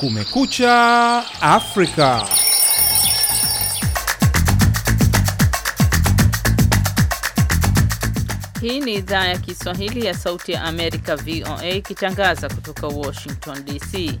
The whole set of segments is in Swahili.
Kumekucha Afrika. Hii ni idhaa ya Kiswahili ya Sauti ya Amerika, VOA, ikitangaza kutoka Washington DC.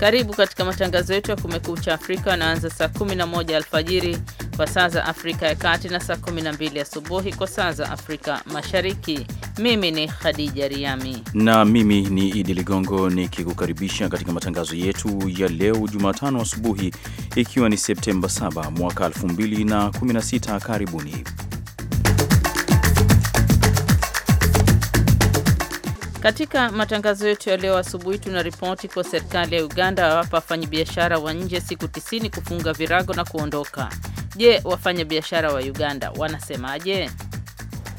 Karibu katika matangazo yetu ya Kumekucha Afrika, wanaanza saa 11 alfajiri kwa saa za Afrika ya Kati na saa 12 asubuhi kwa saa za Afrika Mashariki. Mimi ni Khadija Riami na mimi ni Idi Ligongo nikikukaribisha katika matangazo yetu ya leo Jumatano asubuhi, ikiwa ni Septemba 7 mwaka 2016. Karibuni katika matangazo yetu ya leo asubuhi. Tuna ripoti kwa serikali ya Uganda awapa wafanyabiashara wa nje siku 90 kufunga virago na kuondoka Je, wafanya biashara wa Uganda wanasemaje?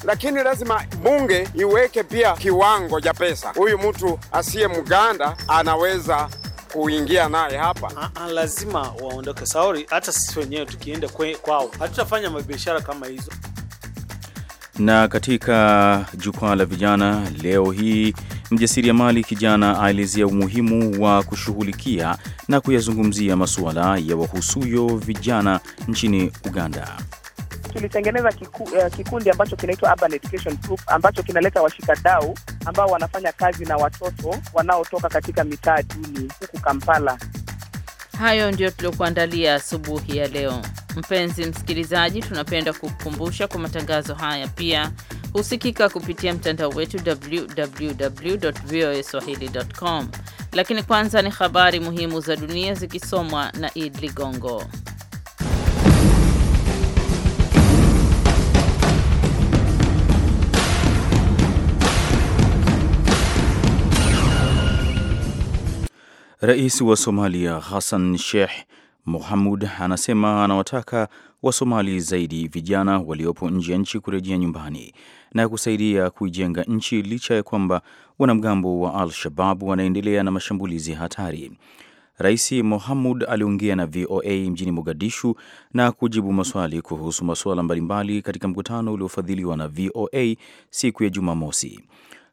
Lakini lazima bunge iweke pia kiwango cha pesa huyu mtu asiye Mganda anaweza kuingia naye hapa. A ah, -a, ah, lazima waondoke sauri. Hata sisi wenyewe tukienda kwao hatutafanya mabiashara kama hizo. Na katika jukwaa la vijana leo hii mjasiriamali kijana aelezea umuhimu wa kushughulikia na kuyazungumzia masuala ya wahusuyo vijana nchini Uganda. Tulitengeneza kiku, uh, kikundi ambacho kinaitwa Urban Education Group ambacho kinaleta washikadau ambao wanafanya kazi na watoto wanaotoka katika mitaa duni huku Kampala. Hayo ndiyo tuliokuandalia asubuhi ya leo. Mpenzi msikilizaji, tunapenda kukukumbusha kwa matangazo haya pia husikika kupitia mtandao wetu www voa Lakini kwanza ni habari muhimu za dunia zikisomwa na Id Ligongo. Rais wa Somalia Hassan Sheikh Mohamud anasema anawataka Wasomali zaidi vijana waliopo nje ya nchi kurejea nyumbani na kusaidia kuijenga nchi licha ya kwamba wanamgambo wa Al-Shabab wanaendelea na mashambulizi hatari. Rais Mohamud aliongea na VOA mjini Mogadishu na kujibu maswali kuhusu masuala mbalimbali katika mkutano uliofadhiliwa na VOA siku ya Jumamosi.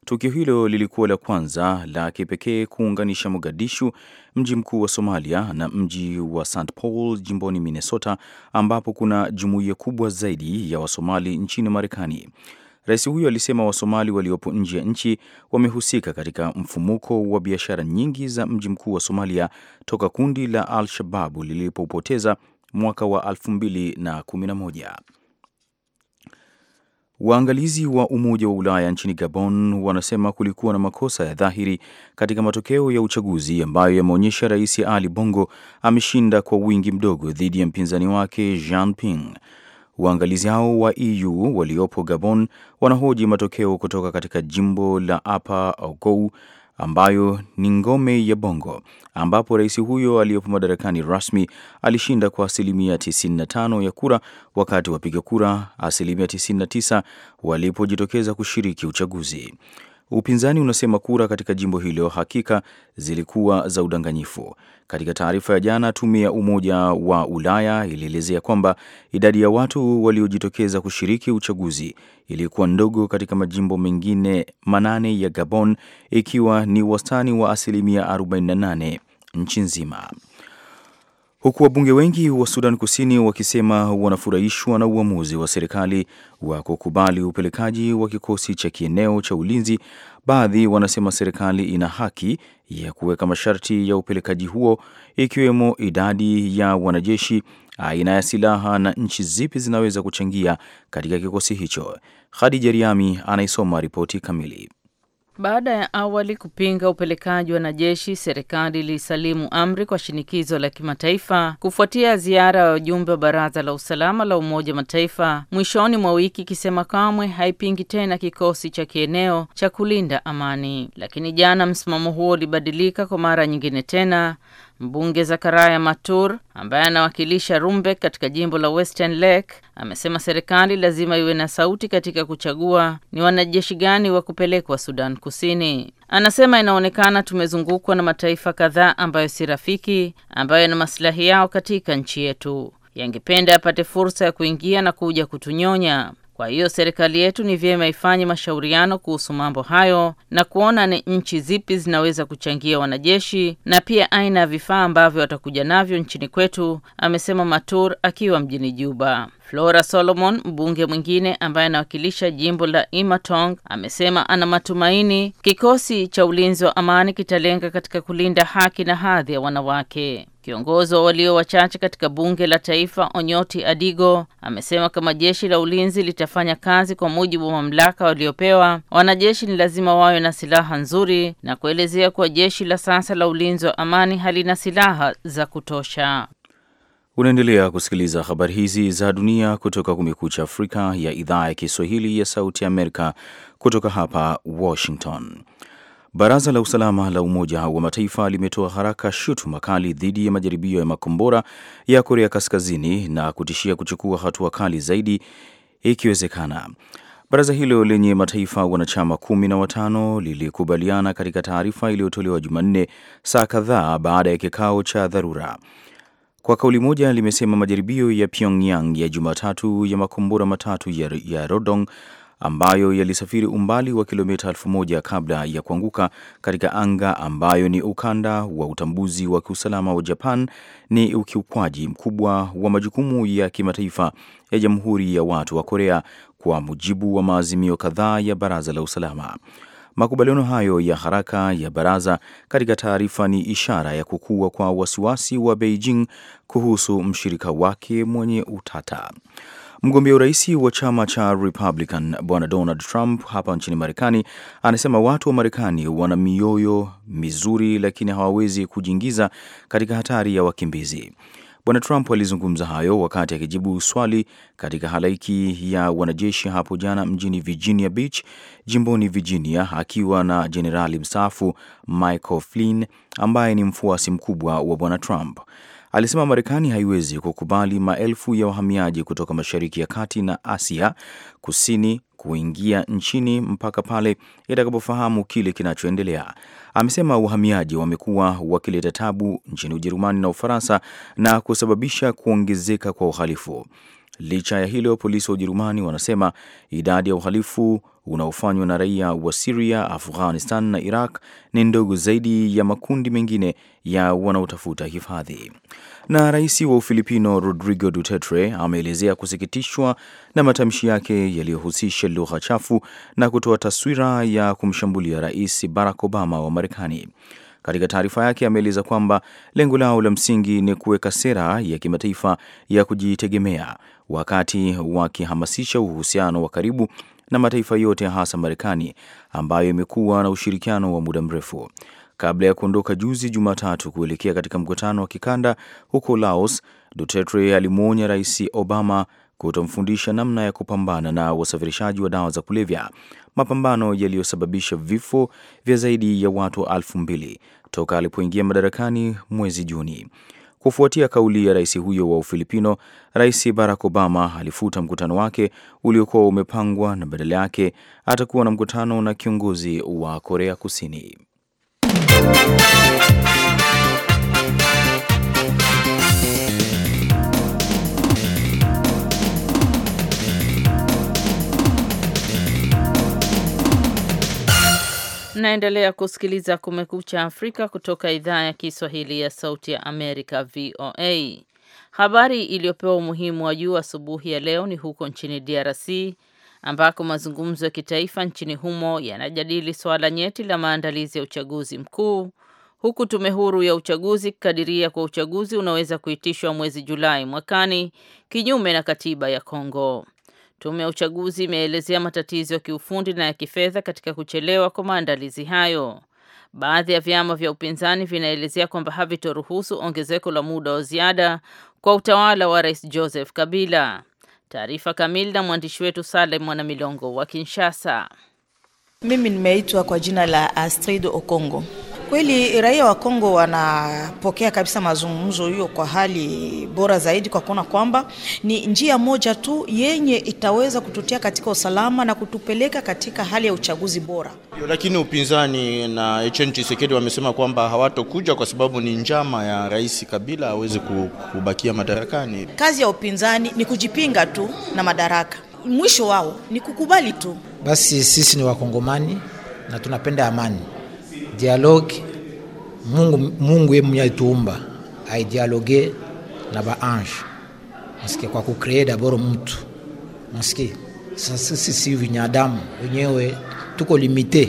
Tukio hilo lilikuwa la kwanza la kipekee kuunganisha Mogadishu, mji mkuu wa Somalia, na mji wa St Paul jimboni Minnesota, ambapo kuna jumuiya kubwa zaidi ya Wasomali nchini Marekani. Rais huyo alisema Wasomali waliopo nje ya nchi wamehusika katika mfumuko wa biashara nyingi za mji mkuu wa Somalia toka kundi la Al-Shababu lilipopoteza mwaka wa 2011. Waangalizi wa Umoja wa Ulaya nchini Gabon wanasema kulikuwa na makosa ya dhahiri katika matokeo ya uchaguzi ambayo yameonyesha Rais Ali Bongo ameshinda kwa wingi mdogo dhidi ya mpinzani wake Jean Ping. Waangalizi hao wa EU waliopo Gabon wanahoji matokeo kutoka katika jimbo la Apa ogou ambayo ni ngome ya Bongo ambapo rais huyo aliyepo madarakani rasmi alishinda kwa asilimia 95 ya kura, wakati wapiga kura asilimia 99 walipojitokeza kushiriki uchaguzi. Upinzani unasema kura katika jimbo hilo hakika zilikuwa za udanganyifu. Katika taarifa ya jana, tume ya Umoja wa Ulaya ilielezea kwamba idadi ya watu waliojitokeza kushiriki uchaguzi ilikuwa ndogo katika majimbo mengine manane ya Gabon, ikiwa ni wastani wa asilimia 48 nchi nzima huku wabunge wengi wa Sudan Kusini wakisema wanafurahishwa na uamuzi wa serikali wa kukubali upelekaji wa kikosi cha kieneo cha ulinzi. Baadhi wanasema serikali ina haki ya kuweka masharti ya upelekaji huo, ikiwemo idadi ya wanajeshi, aina ya silaha na nchi zipi zinaweza kuchangia katika kikosi hicho. Khadija Riami anaisoma ripoti kamili. Baada ya awali kupinga upelekaji wa wanajeshi, serikali ilisalimu amri kwa shinikizo la kimataifa kufuatia ziara ya wajumbe wa Baraza la Usalama la Umoja Mataifa mwishoni mwa wiki, ikisema kamwe haipingi tena kikosi cha kieneo cha kulinda amani. Lakini jana msimamo huo ulibadilika kwa mara nyingine tena Mbunge Zakaria Matur ambaye anawakilisha Rumbek katika jimbo la Western Lake amesema serikali lazima iwe na sauti katika kuchagua ni wanajeshi gani wa kupelekwa Sudan Kusini. Anasema inaonekana tumezungukwa na mataifa kadhaa ambayo si rafiki, ambayo yana masilahi yao katika nchi yetu, yangependa apate fursa ya kuingia na kuja kutunyonya. Kwa hiyo serikali yetu ni vyema ifanye mashauriano kuhusu mambo hayo na kuona ni nchi zipi zinaweza kuchangia wanajeshi na pia aina ya vifaa ambavyo watakuja navyo nchini kwetu, amesema Matur akiwa mjini Juba. Flora Solomon, mbunge mwingine ambaye anawakilisha jimbo la Imatong, amesema ana matumaini kikosi cha ulinzi wa amani kitalenga katika kulinda haki na hadhi ya wanawake. Kiongozi wa walio wachache katika bunge la taifa Onyoti Adigo amesema kama jeshi la ulinzi litafanya kazi kwa mujibu wa mamlaka waliopewa, wanajeshi ni lazima wawe na silaha nzuri na kuelezea kuwa jeshi la sasa la ulinzi wa amani halina silaha za kutosha. Unaendelea kusikiliza habari hizi za dunia kutoka Kumekucha Afrika ya idhaa ya Kiswahili ya Sauti Amerika kutoka hapa Washington. Baraza la Usalama la Umoja wa Mataifa limetoa haraka shutuma kali dhidi ya majaribio ya makombora ya Korea Kaskazini na kutishia kuchukua hatua kali zaidi ikiwezekana. Baraza hilo lenye mataifa wanachama kumi na watano lilikubaliana katika taarifa iliyotolewa Jumanne, saa kadhaa baada ya kikao cha dharura. Kwa kauli moja limesema majaribio ya Pyongyang ya Jumatatu ya makombora matatu ya, ya Rodong ambayo yalisafiri umbali wa kilomita elfu moja kabla ya kuanguka katika anga ambayo ni ukanda wa utambuzi wa kiusalama wa Japan ni ukiukwaji mkubwa wa majukumu ya kimataifa ya Jamhuri ya Watu wa Korea kwa mujibu wa maazimio kadhaa ya Baraza la Usalama. Makubaliano hayo ya haraka ya baraza katika taarifa ni ishara ya kukua kwa wasiwasi wa Beijing kuhusu mshirika wake mwenye utata. Mgombea urais wa chama cha Republican Bwana Donald Trump hapa nchini Marekani anasema watu wa Marekani wana mioyo mizuri, lakini hawawezi kujiingiza katika hatari ya wakimbizi. Bwana Trump alizungumza hayo wakati akijibu swali katika halaiki ya wanajeshi hapo jana mjini Virginia Beach, jimboni Virginia, akiwa na jenerali mstaafu Michael Flynn ambaye ni mfuasi mkubwa wa Bwana Trump. Alisema Marekani haiwezi kukubali maelfu ya wahamiaji kutoka Mashariki ya Kati na Asia Kusini kuingia nchini mpaka pale itakapofahamu kile kinachoendelea amesema wahamiaji wamekuwa wakileta tabu nchini Ujerumani na Ufaransa na kusababisha kuongezeka kwa uhalifu. Licha ya hilo, polisi wa Ujerumani wanasema idadi ya uhalifu unaofanywa na raia wa Siria, Afghanistan na Iraq ni ndogo zaidi ya makundi mengine ya wanaotafuta hifadhi. Na rais wa Ufilipino Rodrigo Duterte ameelezea kusikitishwa na matamshi yake yaliyohusisha lugha chafu na kutoa taswira ya kumshambulia Rais Barack Obama wa Marekani. Katika taarifa yake ameeleza kwamba lengo lao la msingi ni kuweka sera ya kimataifa ya kujitegemea, wakati wakihamasisha uhusiano wa karibu na mataifa yote hasa Marekani ambayo imekuwa na ushirikiano wa muda mrefu. Kabla ya kuondoka juzi Jumatatu kuelekea katika mkutano wa kikanda huko Laos, Duterte alimwonya Rais Obama kutomfundisha namna ya kupambana na wasafirishaji wa dawa za kulevya, mapambano yaliyosababisha vifo vya zaidi ya watu elfu mbili toka alipoingia madarakani mwezi Juni. Kufuatia kauli ya rais huyo wa Ufilipino, Rais Barack Obama alifuta mkutano wake uliokuwa umepangwa na badala yake atakuwa na mkutano na kiongozi wa Korea Kusini. Mnaendelea kusikiliza Kumekucha Afrika kutoka idhaa ya Kiswahili ya Sauti ya Amerika, VOA. Habari iliyopewa umuhimu wa juu asubuhi ya leo ni huko nchini DRC ambako mazungumzo ya kitaifa nchini humo yanajadili suala nyeti la maandalizi ya uchaguzi mkuu, huku tume huru ya uchaguzi kikadiria kwa uchaguzi unaweza kuitishwa mwezi Julai mwakani kinyume na katiba ya Kongo. Tume ya uchaguzi imeelezea matatizo ya kiufundi na ya kifedha katika kuchelewa kwa maandalizi hayo. Baadhi ya vyama vya upinzani vinaelezea kwamba havitoruhusu ongezeko la muda wa ziada kwa utawala wa Rais Joseph Kabila. Taarifa kamili na mwandishi wetu salem Mwanamilongo wa Kinshasa. Mimi nimeitwa kwa jina la Astrid Okongo. Kweli raia wa Kongo wanapokea kabisa mazungumzo hiyo kwa hali bora zaidi, kwa kuona kwamba ni njia moja tu yenye itaweza kututia katika usalama na kutupeleka katika hali ya uchaguzi bora. Lakini upinzani na Etienne Tshisekedi wamesema kwamba hawatokuja kwa sababu ni njama ya Rais Kabila aweze kubakia madarakani. Kazi ya upinzani ni kujipinga tu na madaraka, mwisho wao ni kukubali tu. Basi sisi ni Wakongomani na tunapenda amani dialogue mungu mungu ye mwenye aidialoge na baange nasikia kwa kukree daboro mtu nasikia sasa vinyadamu wenyewe tuko limite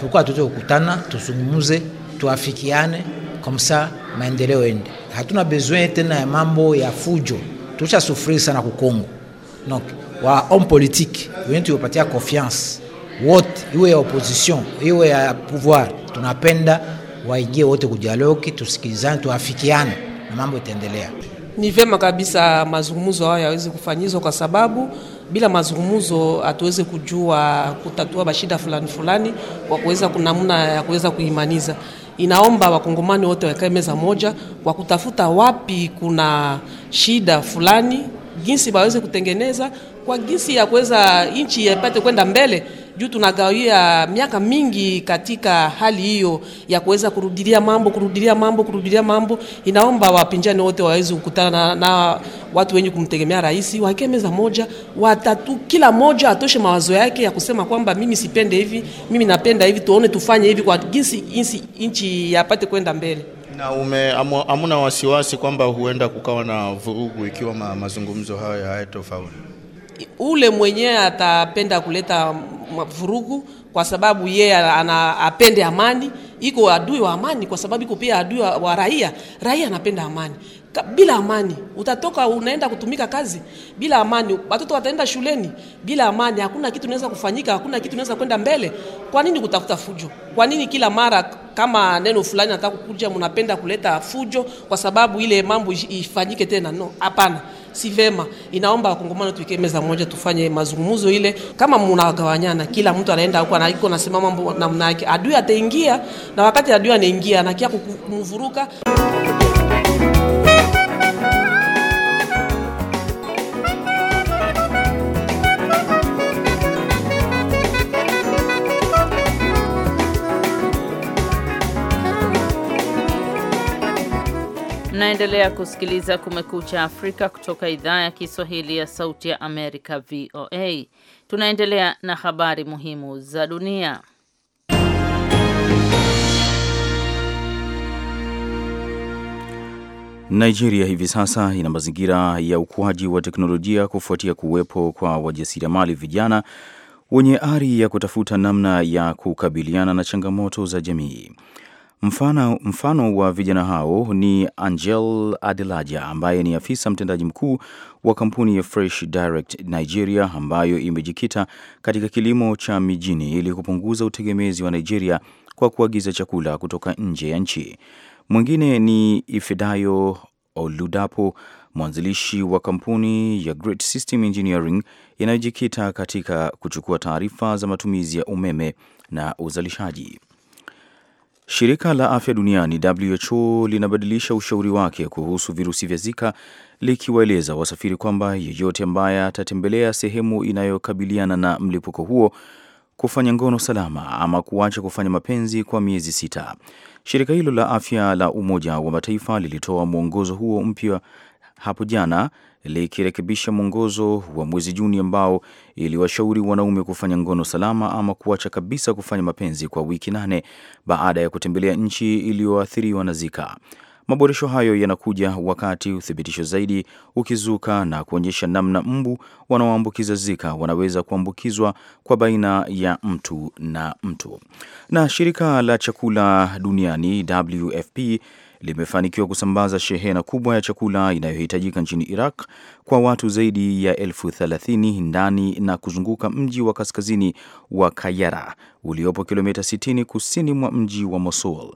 tuko tuweze kukutana tuzungumuze tuafikiane komsa maendeleo ende hatuna besoin tena ya mambo ya fujo tusha tushasufuri sana kukongo donc wa homme politique wenye tuyopatia confiance wote, iwe ya opposition iwe ya pouvoir, tunapenda waingie wote kudialogi, tusikilizane, tuafikiane na mambo itaendelea. Ni vyema kabisa mazungumzo hayo yaweze kufanyizwa kwa sababu bila mazungumzo hatuweze kujua kutatua mashida fulani fulani kwa kuweza kunamna ya kuweza kuimaniza. Inaomba wakongomani wote wakae meza moja kwa kutafuta wapi kuna shida fulani, jinsi baweze kutengeneza kwa jinsi ya kuweza nchi yapate kwenda mbele juu tunagawia miaka mingi katika hali hiyo ya kuweza kurudilia mambo kurudilia mambo kurudilia mambo. Inaomba wapinzani wote waweze kukutana na, na watu wenye kumtegemea rais, waeke meza moja watatu, kila moja atoshe mawazo yake ya kusema kwamba mimi sipende hivi, mimi napenda hivi, tuone tufanye hivi kwa jinsi nchi yapate kwenda mbele. Na ume amuna wasiwasi kwamba huenda kukawa na vurugu ikiwa ma, mazungumzo hayo hayatofaulu? ule mwenyewe atapenda kuleta vurugu kwa sababu yeye apende amani. Iko adui wa amani, kwa sababu iko pia adui wa, wa raia. Raia anapenda amani. Bila amani utatoka unaenda kutumika kazi bila amani, watoto wataenda shuleni bila amani, hakuna kitu unaweza kufanyika, hakuna kitu unaweza kwenda mbele. Kwa nini kutafuta fujo? Kwa nini kila mara kama neno fulani nataka kukuja, mnapenda kuleta fujo kwa sababu ile mambo ifanyike tena? No, hapana si vema. Inaomba wakongomano tuike meza moja, tufanye mazungumzo ile. Kama mnagawanyana, kila mtu anaenda huko iko nasema mambo namna yake, adui ataingia, na wakati adui anaingia anakia kumvuruka. Mnaendelea kusikiliza Kumekucha Afrika kutoka idhaa ya Kiswahili ya Sauti ya Amerika, VOA. Tunaendelea na habari muhimu za dunia. Nigeria hivi sasa ina mazingira ya ukuaji wa teknolojia kufuatia kuwepo kwa wajasiriamali vijana wenye ari ya kutafuta namna ya kukabiliana na changamoto za jamii. Mfano, mfano wa vijana hao ni Angel Adelaja ambaye ni afisa mtendaji mkuu wa kampuni ya Fresh Direct Nigeria ambayo imejikita katika kilimo cha mijini ili kupunguza utegemezi wa Nigeria kwa kuagiza chakula kutoka nje ya nchi. Mwingine ni Ifedayo Oludapo, mwanzilishi wa kampuni ya Great System Engineering inayojikita katika kuchukua taarifa za matumizi ya umeme na uzalishaji. Shirika la Afya Duniani WHO linabadilisha ushauri wake kuhusu virusi vya Zika likiwaeleza wasafiri kwamba yeyote ambaye atatembelea sehemu inayokabiliana na mlipuko huo kufanya ngono salama ama kuacha kufanya mapenzi kwa miezi sita. Shirika hilo la afya la Umoja wa Mataifa lilitoa mwongozo huo mpya hapo jana likirekebisha mwongozo wa mwezi Juni ambao iliwashauri wanaume kufanya ngono salama ama kuacha kabisa kufanya mapenzi kwa wiki nane baada ya kutembelea nchi iliyoathiriwa na Zika. Maboresho hayo yanakuja wakati uthibitisho zaidi ukizuka na kuonyesha namna mbu wanaoambukiza Zika wanaweza kuambukizwa kwa baina ya mtu na mtu. Na shirika la chakula duniani WFP limefanikiwa kusambaza shehena kubwa ya chakula inayohitajika nchini Iraq kwa watu zaidi ya elfu thelathini ndani na kuzunguka mji wa kaskazini wa Kayara uliopo kilomita 60 kusini mwa mji wa Mosul.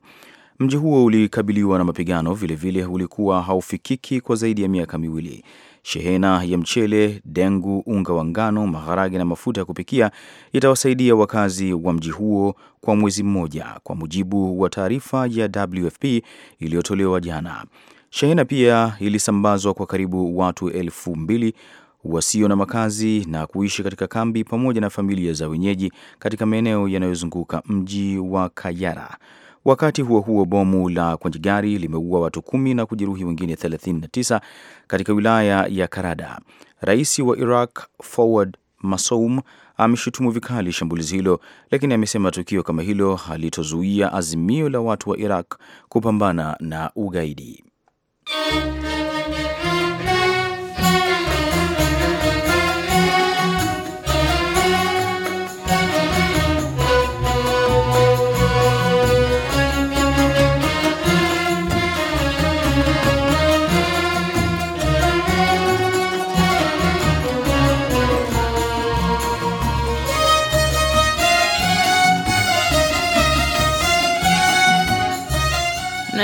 Mji huo ulikabiliwa na mapigano vilevile, vile ulikuwa haufikiki kwa zaidi ya miaka miwili. Shehena ya mchele, dengu, unga wa ngano, maharage na mafuta ya kupikia itawasaidia wakazi wa mji huo kwa mwezi mmoja, kwa mujibu wa taarifa ya WFP iliyotolewa jana. Shehena pia ilisambazwa kwa karibu watu elfu mbili wasio na makazi na kuishi katika kambi pamoja na familia za wenyeji katika maeneo yanayozunguka mji wa Kayara. Wakati huo huo, bomu la kwenye gari limeua watu kumi na kujeruhi wengine 39 katika wilaya ya Karada. Rais wa Iraq Fawad Masoum ameshutumu vikali shambulizi hilo, lakini amesema tukio kama hilo halitozuia azimio la watu wa Iraq kupambana na ugaidi.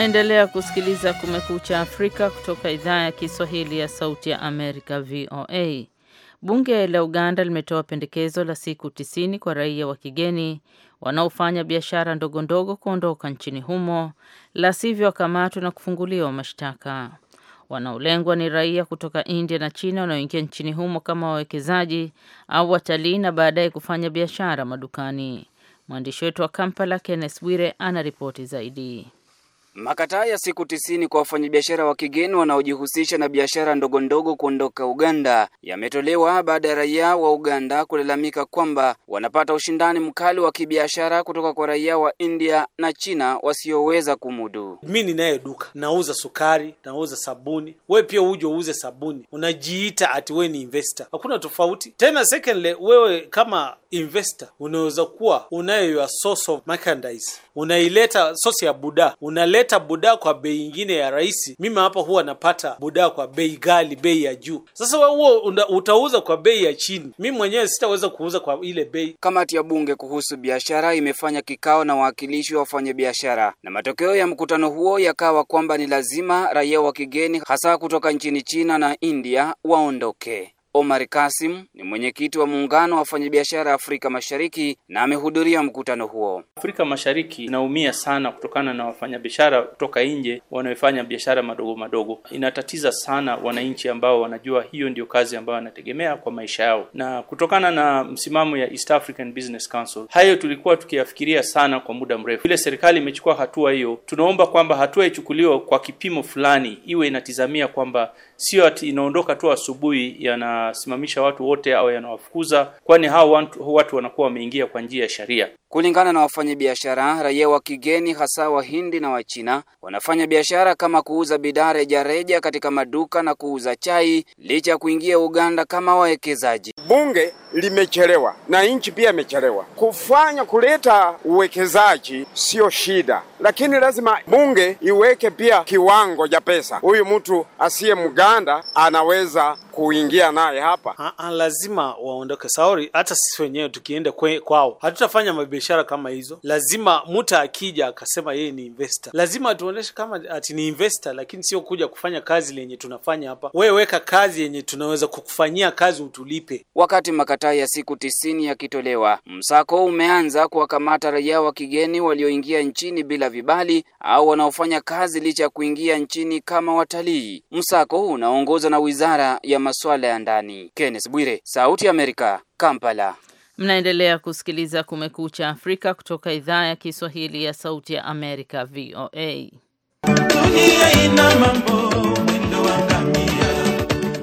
Unaendelea kusikiliza Kumekucha Afrika kutoka idhaa ya Kiswahili ya Sauti ya Amerika, VOA. Bunge la Uganda limetoa pendekezo la siku tisini kwa raia wa kigeni wanaofanya biashara ndogo ndogo kuondoka nchini humo, la sivyo wakamatwe na kufunguliwa mashtaka. Wanaolengwa ni raia kutoka India na China wanaoingia nchini humo kama wawekezaji au watalii na baadaye kufanya biashara madukani. Mwandishi wetu wa Kampala, Kenneth Bwire, ana ripoti zaidi. Makataa ya siku tisini kwa wafanyabiashara wa kigeni wanaojihusisha na biashara ndogo ndogo kuondoka Uganda yametolewa baada ya raia wa Uganda kulalamika kwamba wanapata ushindani mkali wa kibiashara kutoka kwa raia wa India na China wasioweza kumudu. Mi ninaye duka nauza sukari, nauza sabuni, we pia uje uuze sabuni, unajiita ati we ni investor. Hakuna tofauti tena. Secondly, wewe kama investor unaweza kuwa unayo source of merchandise, unaileta source ya buda, unaleta wakileta budaa kwa bei ingine ya rahisi, mimi hapa huwa napata budaa kwa bei gali bei ya juu. Sasa wewe huo utauza kwa bei ya chini, mimi mwenyewe sitaweza kuuza kwa ile bei. Kamati ya bunge kuhusu biashara imefanya kikao na wawakilishi wa wafanyabiashara, na matokeo ya mkutano huo yakawa kwamba ni lazima raia wa kigeni hasa kutoka nchini China na India waondoke. Omar Kasim ni mwenyekiti wa muungano wa wafanyabiashara Afrika Mashariki na amehudhuria mkutano huo. Afrika Mashariki inaumia sana kutokana na wafanyabiashara kutoka nje wanaofanya biashara madogo madogo. Inatatiza sana wananchi ambao wanajua hiyo ndio kazi ambayo wanategemea kwa maisha yao, na kutokana na msimamo ya East African Business Council, hayo tulikuwa tukiyafikiria sana kwa muda mrefu. Vile serikali imechukua hatua hiyo, tunaomba kwamba hatua ichukuliwe kwa kipimo fulani, iwe inatizamia kwamba sio ati inaondoka tu asubuhi yanasimamisha watu wote au yanawafukuza, kwani hao watu, watu wanakuwa wameingia kwa njia ya sharia. Kulingana na wafanyabiashara, raia wa kigeni hasa Wahindi na Wachina wanafanya biashara kama kuuza bidhaa rejareja katika maduka na kuuza chai licha ya kuingia Uganda kama wawekezaji. Bunge limechelewa na nchi pia imechelewa kufanya kuleta uwekezaji. Sio shida, lakini lazima bunge iweke pia kiwango cha ja pesa huyu mtu asiye mganda anaweza kuingia naye hapa. Ha, ha, lazima waondoke sauri. Hata sisi wenyewe tukienda kwao hatutafanya mabiashara kama hizo. Lazima mtu akija akasema yeye ni investor, lazima atuoneshe kama ati ni investor, lakini sio kuja kufanya kazi lenye tunafanya hapa. Wewe weka kazi yenye tunaweza kukufanyia kazi utulipe wakati makati makataa ya siku tisini yakitolewa. Msako umeanza kuwakamata raia wa kigeni walioingia nchini bila vibali au wanaofanya kazi licha ya kuingia nchini kama watalii. Msako unaongoza unaongozwa na Wizara ya Masuala ya Ndani. Kenneth Bwire, Sauti ya Amerika, Kampala. Mnaendelea kusikiliza Kumekucha Afrika kutoka idhaa ya Kiswahili ya Sauti ya Amerika, VOA. Dunia ina mambo, mwendo wa ngamia.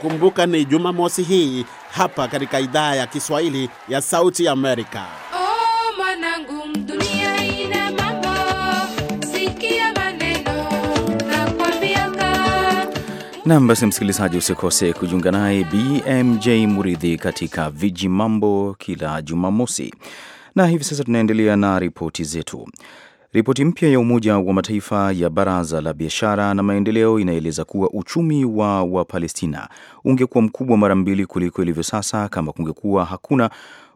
Kumbuka ni Jumamosi hii hapa katika idhaa ya Kiswahili ya Sauti ya Amerika. Oh, basi msikilizaji, usikose kujiunga naye BMJ Muridhi katika Viji Mambo kila Jumamosi, na hivi sasa tunaendelea na ripoti zetu. Ripoti mpya ya Umoja wa Mataifa ya Baraza la Biashara na Maendeleo inaeleza kuwa uchumi wa Wapalestina ungekuwa mkubwa mara mbili kuliko ilivyo sasa kama kungekuwa hakuna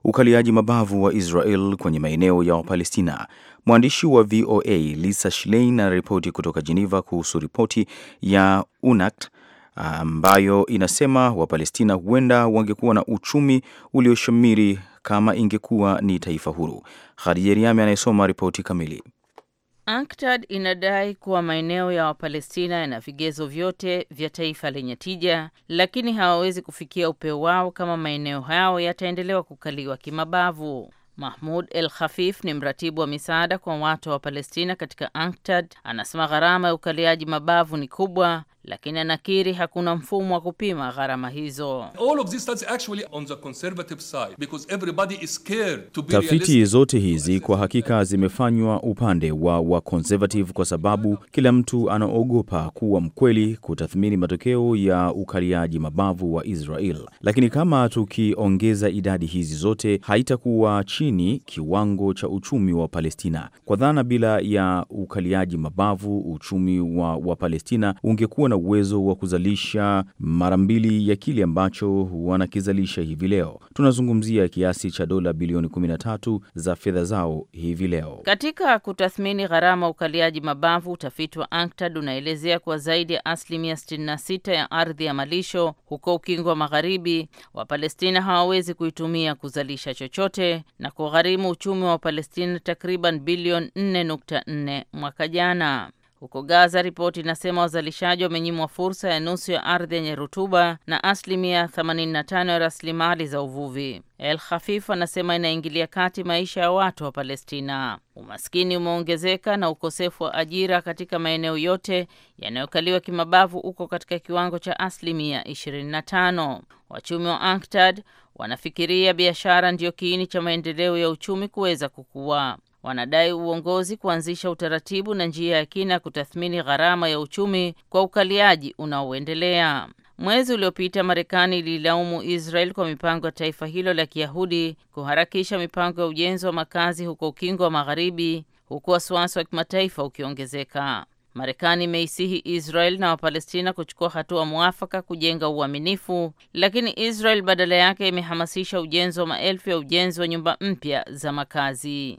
ukaliaji mabavu wa Israel kwenye maeneo ya Wapalestina. Mwandishi wa VOA Lisa Schlein anaripoti kutoka Geneva kuhusu ripoti ya UNACT ambayo inasema Wapalestina huenda wangekuwa na uchumi ulioshamiri kama ingekuwa ni taifa huru. Khadija Riami anayesoma ripoti kamili. UNCTAD inadai kuwa maeneo ya Wapalestina yana vigezo vyote vya taifa lenye tija, lakini hawawezi kufikia upeo wao kama maeneo hayo yataendelewa kukaliwa kimabavu. Mahmud El Khafif ni mratibu wa misaada kwa watu wa Palestina katika UNCTAD, anasema gharama ya ukaliaji mabavu ni kubwa lakini anakiri hakuna mfumo wa kupima gharama hizo. Tafiti zote hizi kwa hakika zimefanywa upande wa wa conservative, kwa sababu kila mtu anaogopa kuwa mkweli kutathmini matokeo ya ukaliaji mabavu wa Israel. Lakini kama tukiongeza idadi hizi zote, haitakuwa chini kiwango cha uchumi wa Palestina. Kwa dhana bila ya ukaliaji mabavu, uchumi wa Wapalestina ungekuwa na uwezo wa kuzalisha mara mbili ya kile ambacho wanakizalisha hivi leo. Tunazungumzia kiasi cha dola bilioni 13 za fedha zao hivi leo. Katika kutathmini gharama ukaliaji mabavu, utafiti wa ANKTAD unaelezea kuwa zaidi ya asilimia 66 ya ardhi ya malisho huko Ukingo wa Magharibi Wapalestina hawawezi kuitumia kuzalisha chochote na kugharimu uchumi wa Palestina takriban bilioni 4.4 mwaka jana. Huko Gaza, ripoti inasema wazalishaji wamenyimwa fursa ya nusu ya ardhi yenye rutuba na asilimia 85 ya rasilimali za uvuvi. El Khafif anasema inaingilia kati maisha ya watu wa Palestina. Umaskini umeongezeka na ukosefu wa ajira katika maeneo yote yanayokaliwa kimabavu uko katika kiwango cha asilimia 25. Wachumi wa UNCTAD wanafikiria biashara ndiyo kiini cha maendeleo ya uchumi kuweza kukua. Wanadai uongozi kuanzisha utaratibu na njia ya kina kutathmini gharama ya uchumi kwa ukaliaji unaoendelea. Mwezi uliopita Marekani ililaumu Israel kwa mipango ya taifa hilo la Kiyahudi kuharakisha mipango ya ujenzi wa makazi huko Ukingo wa Magharibi, huku wasiwasi wa kimataifa ukiongezeka. Marekani imeisihi Israel na Wapalestina kuchukua hatua mwafaka kujenga uaminifu, lakini Israel badala yake imehamasisha ujenzi wa maelfu ya ujenzi wa nyumba mpya za makazi.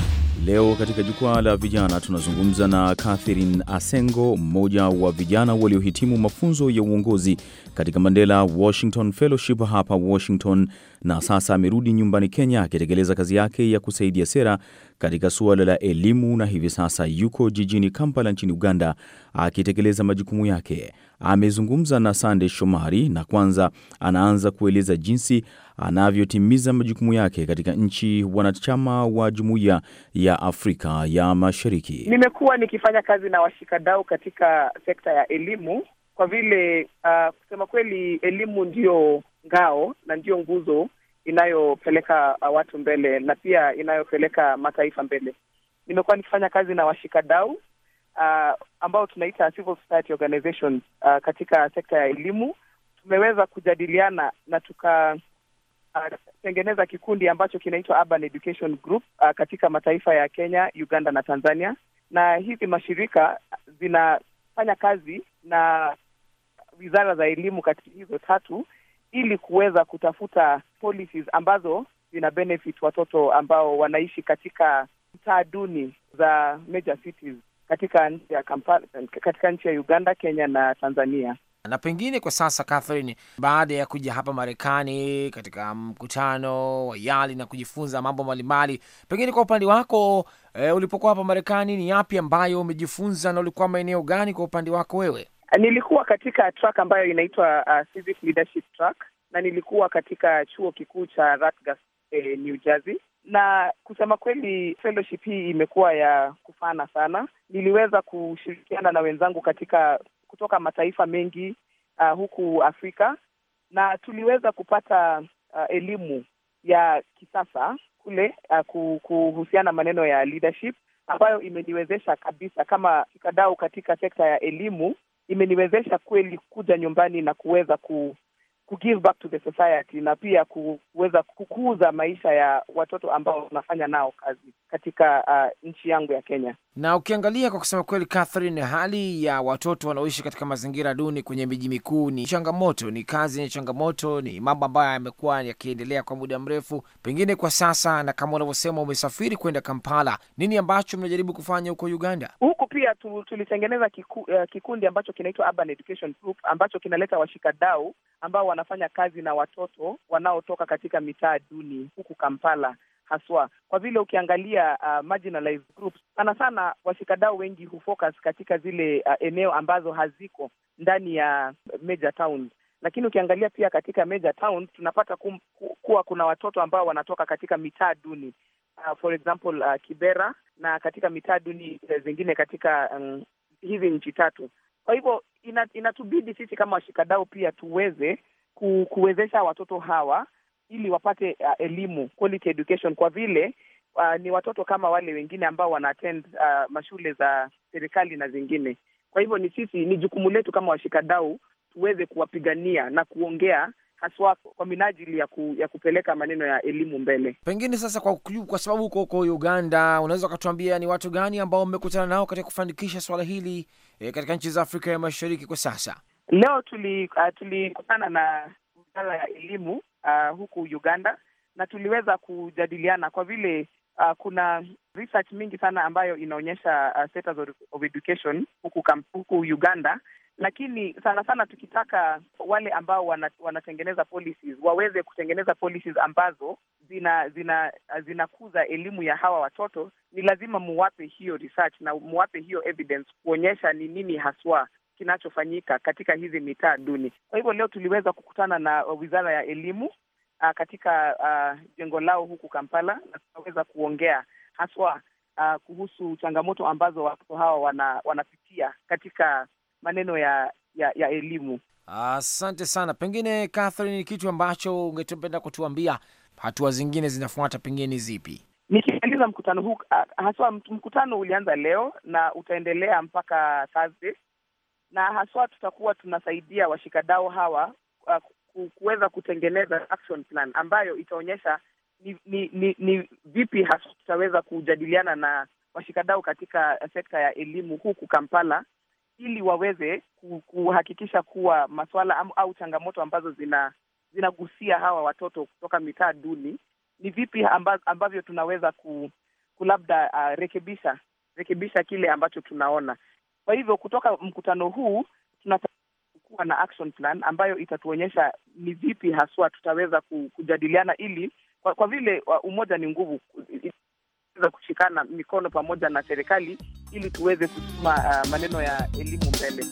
Leo katika jukwaa la vijana tunazungumza na Catherine Asengo, mmoja wa vijana waliohitimu mafunzo ya uongozi katika Mandela Washington Fellowship hapa Washington, na sasa amerudi nyumbani Kenya akitekeleza kazi yake ya kusaidia sera katika suala la elimu, na hivi sasa yuko jijini Kampala nchini Uganda akitekeleza majukumu yake. Amezungumza na Sande Shomari na kwanza anaanza kueleza jinsi anavyotimiza majukumu yake katika nchi wanachama wa Jumuiya ya Afrika ya Mashariki. Nimekuwa nikifanya kazi na washikadau katika sekta ya elimu kwa vile uh, kusema kweli elimu ndiyo ngao na ndiyo nguzo inayopeleka uh, watu mbele na pia inayopeleka mataifa mbele. Nimekuwa nikifanya kazi na washikadau uh, ambao tunaita civil society organizations uh, katika sekta ya elimu. Tumeweza kujadiliana na tuka tengeneza kikundi ambacho kinaitwa Urban Education Group uh, katika mataifa ya Kenya, Uganda na Tanzania, na hizi mashirika zinafanya kazi na wizara za elimu kati hizo tatu ili kuweza kutafuta policies ambazo zina benefit watoto ambao wanaishi katika mtaa duni za major cities katika nchi ya Kampala, katika nchi ya Uganda, Kenya na Tanzania na pengine kwa sasa Catherine, baada ya kuja hapa Marekani katika mkutano wa YALI na kujifunza mambo mbalimbali, pengine kwa upande wako e, ulipokuwa hapa Marekani ni yapi ambayo umejifunza na ulikuwa maeneo gani kwa upande wako wewe? Nilikuwa katika track ambayo inaitwa uh, Civic Leadership Track, na nilikuwa katika chuo kikuu cha Rutgers, eh, New Jersey na kusema kweli fellowship hii imekuwa ya kufana sana. Niliweza kushirikiana na wenzangu katika kutoka mataifa mengi uh, huku Afrika na tuliweza kupata uh, elimu ya kisasa kule uh, kuhusiana maneno ya leadership ambayo imeniwezesha kabisa kama mshikadau katika sekta ya elimu, imeniwezesha kweli kuja nyumbani na kuweza ku, ku give back to the society na pia kuweza kukuza maisha ya watoto ambao tunafanya nao kazi katika uh, nchi yangu ya Kenya. Na ukiangalia kwa kusema kweli, Catherine, hali ya watoto wanaoishi katika mazingira duni kwenye miji mikuu ni changamoto, ni kazi yenye changamoto, ni mambo ambayo yamekuwa yakiendelea kwa muda mrefu. Pengine kwa sasa, na kama unavyosema umesafiri kwenda Kampala, nini ambacho mnajaribu kufanya huko Uganda? Huku pia tulitengeneza kiku, uh, kikundi ambacho kinaitwa Urban Education Group ambacho kinaleta washikadau ambao wanafanya kazi na watoto wanaotoka katika mitaa duni huku Kampala haswa, kwa vile ukiangalia uh, marginalized groups sana sana, washikadau wengi hufocus katika zile uh, eneo ambazo haziko ndani ya major towns lakini ukiangalia pia katika major town tunapata kum, ku, kuwa kuna watoto ambao wanatoka katika mitaa duni uh, for example uh, Kibera na katika mitaa duni uh, zingine katika um, hizi nchi tatu. Kwa hivyo inatubidi sisi kama washikadau pia tuweze ku, kuwezesha watoto hawa ili wapate uh, elimu quality education, kwa vile uh, ni watoto kama wale wengine ambao wanaattend uh, mashule za serikali na zingine. Kwa hivyo ni sisi, ni jukumu letu kama washikadau tuweze kuwapigania na kuongea haswa kwa minajili ya, ku, ya kupeleka maneno ya elimu mbele. Pengine sasa, kwa, kwa sababu huko huko Uganda, unaweza ukatuambia ni watu gani ambao mmekutana nao katika kufanikisha swala hili e, katika nchi za Afrika ya Mashariki kwa sasa? Leo uh, tulikutana uh, tuli na idara ya elimu uh, huku Uganda, na tuliweza kujadiliana kwa vile uh, kuna research mingi sana ambayo inaonyesha uh, status of education huku, huku Uganda, lakini sana sana tukitaka wale ambao wana, wanatengeneza policies waweze kutengeneza policies ambazo zina zina zinakuza elimu ya hawa watoto, ni lazima muwape hiyo research na muwape hiyo evidence kuonyesha ni nini haswa kinachofanyika katika hizi mitaa duni. Kwa hivyo leo tuliweza kukutana na uh, wizara ya elimu uh, katika uh, jengo lao huku Kampala, na tunaweza kuongea haswa uh, kuhusu changamoto ambazo watoto hawa wana, wanapitia katika maneno ya, ya, ya elimu. Asante sana. Pengine Catherine, ni kitu ambacho ungependa kutuambia, hatua zingine zinafuata pengine ni zipi? Nikimaliza mkutano huu uh, haswa, mkutano ulianza leo na utaendelea mpaka Thursday na haswa tutakuwa tunasaidia washikadau hawa uh, kuweza kutengeneza action plan ambayo itaonyesha ni ni, ni, ni vipi haswa tutaweza kujadiliana na washikadau katika sekta ya elimu huku Kampala ili waweze kuhakikisha kuwa maswala au changamoto ambazo zina zinagusia hawa watoto kutoka mitaa duni ni vipi ambavyo tunaweza ku, kulabda uh, rekebisha rekebisha kile ambacho tunaona kwa hivyo kutoka mkutano huu tunataka kuwa na action plan ambayo itatuonyesha ni vipi haswa tutaweza kujadiliana, ili kwa, kwa vile umoja ni nguvu, za kushikana mikono pamoja na serikali ili tuweze kusukuma uh, maneno ya elimu mbele.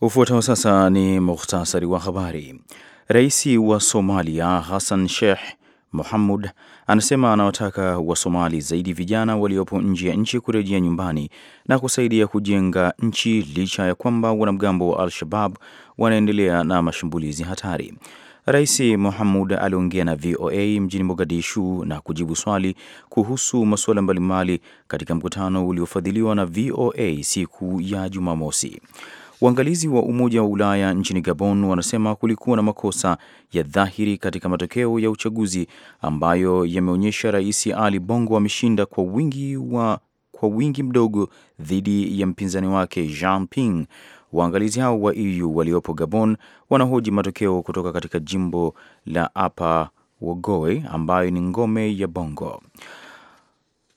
Ufuatao sasa ni muhtasari wa habari. Rais wa Somalia Hassan Sheikh Mohamud anasema anawataka Wasomali zaidi vijana waliopo nje ya nchi kurejea nyumbani na kusaidia kujenga nchi licha ya kwamba wanamgambo wa Al-Shabab wanaendelea na mashambulizi hatari. Rais Mohamud aliongea na VOA mjini Mogadishu na kujibu swali kuhusu masuala mbalimbali katika mkutano uliofadhiliwa na VOA siku ya Jumamosi. Waangalizi wa Umoja wa Ulaya nchini Gabon wanasema kulikuwa na makosa ya dhahiri katika matokeo ya uchaguzi ambayo yameonyesha Rais Ali Bongo ameshinda kwa wingi wa kwa wingi mdogo dhidi ya mpinzani wake Jean Ping. Waangalizi hao wa EU waliopo Gabon wanahoji matokeo kutoka katika jimbo la Apa Wogoe ambayo ni ngome ya Bongo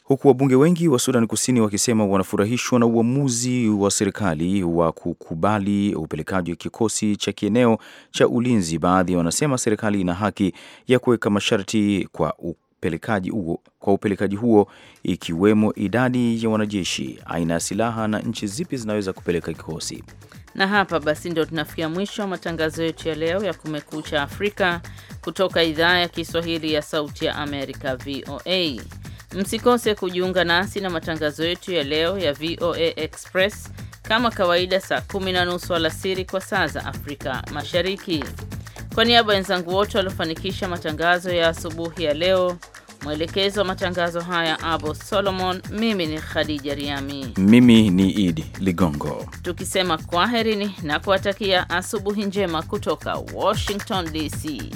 huku wabunge wengi wa Sudan Kusini wakisema wanafurahishwa na uamuzi wa serikali wa kukubali upelekaji wa kikosi cha kieneo cha ulinzi. Baadhi ya wanasema serikali ina haki ya kuweka masharti kwa upelekaji huo, kwa upelekaji huo ikiwemo idadi ya wanajeshi, aina ya silaha na nchi zipi zinaweza kupeleka kikosi. Na hapa basi ndio tunafikia mwisho wa matangazo yetu ya leo ya Kumekucha Afrika kutoka idhaa ya Kiswahili ya Sauti ya Amerika, VOA. Msikose kujiunga nasi na matangazo yetu ya leo ya VOA Express kama kawaida, saa kumi na nusu alasiri kwa saa za Afrika Mashariki. Kwa niaba ya wenzangu wote waliofanikisha matangazo ya asubuhi ya leo Mwelekezi wa matangazo haya Abo Solomon. Mimi ni Khadija Riami, mimi ni Idi Ligongo, tukisema kwaherini na kuwatakia asubuhi njema kutoka Washington DC.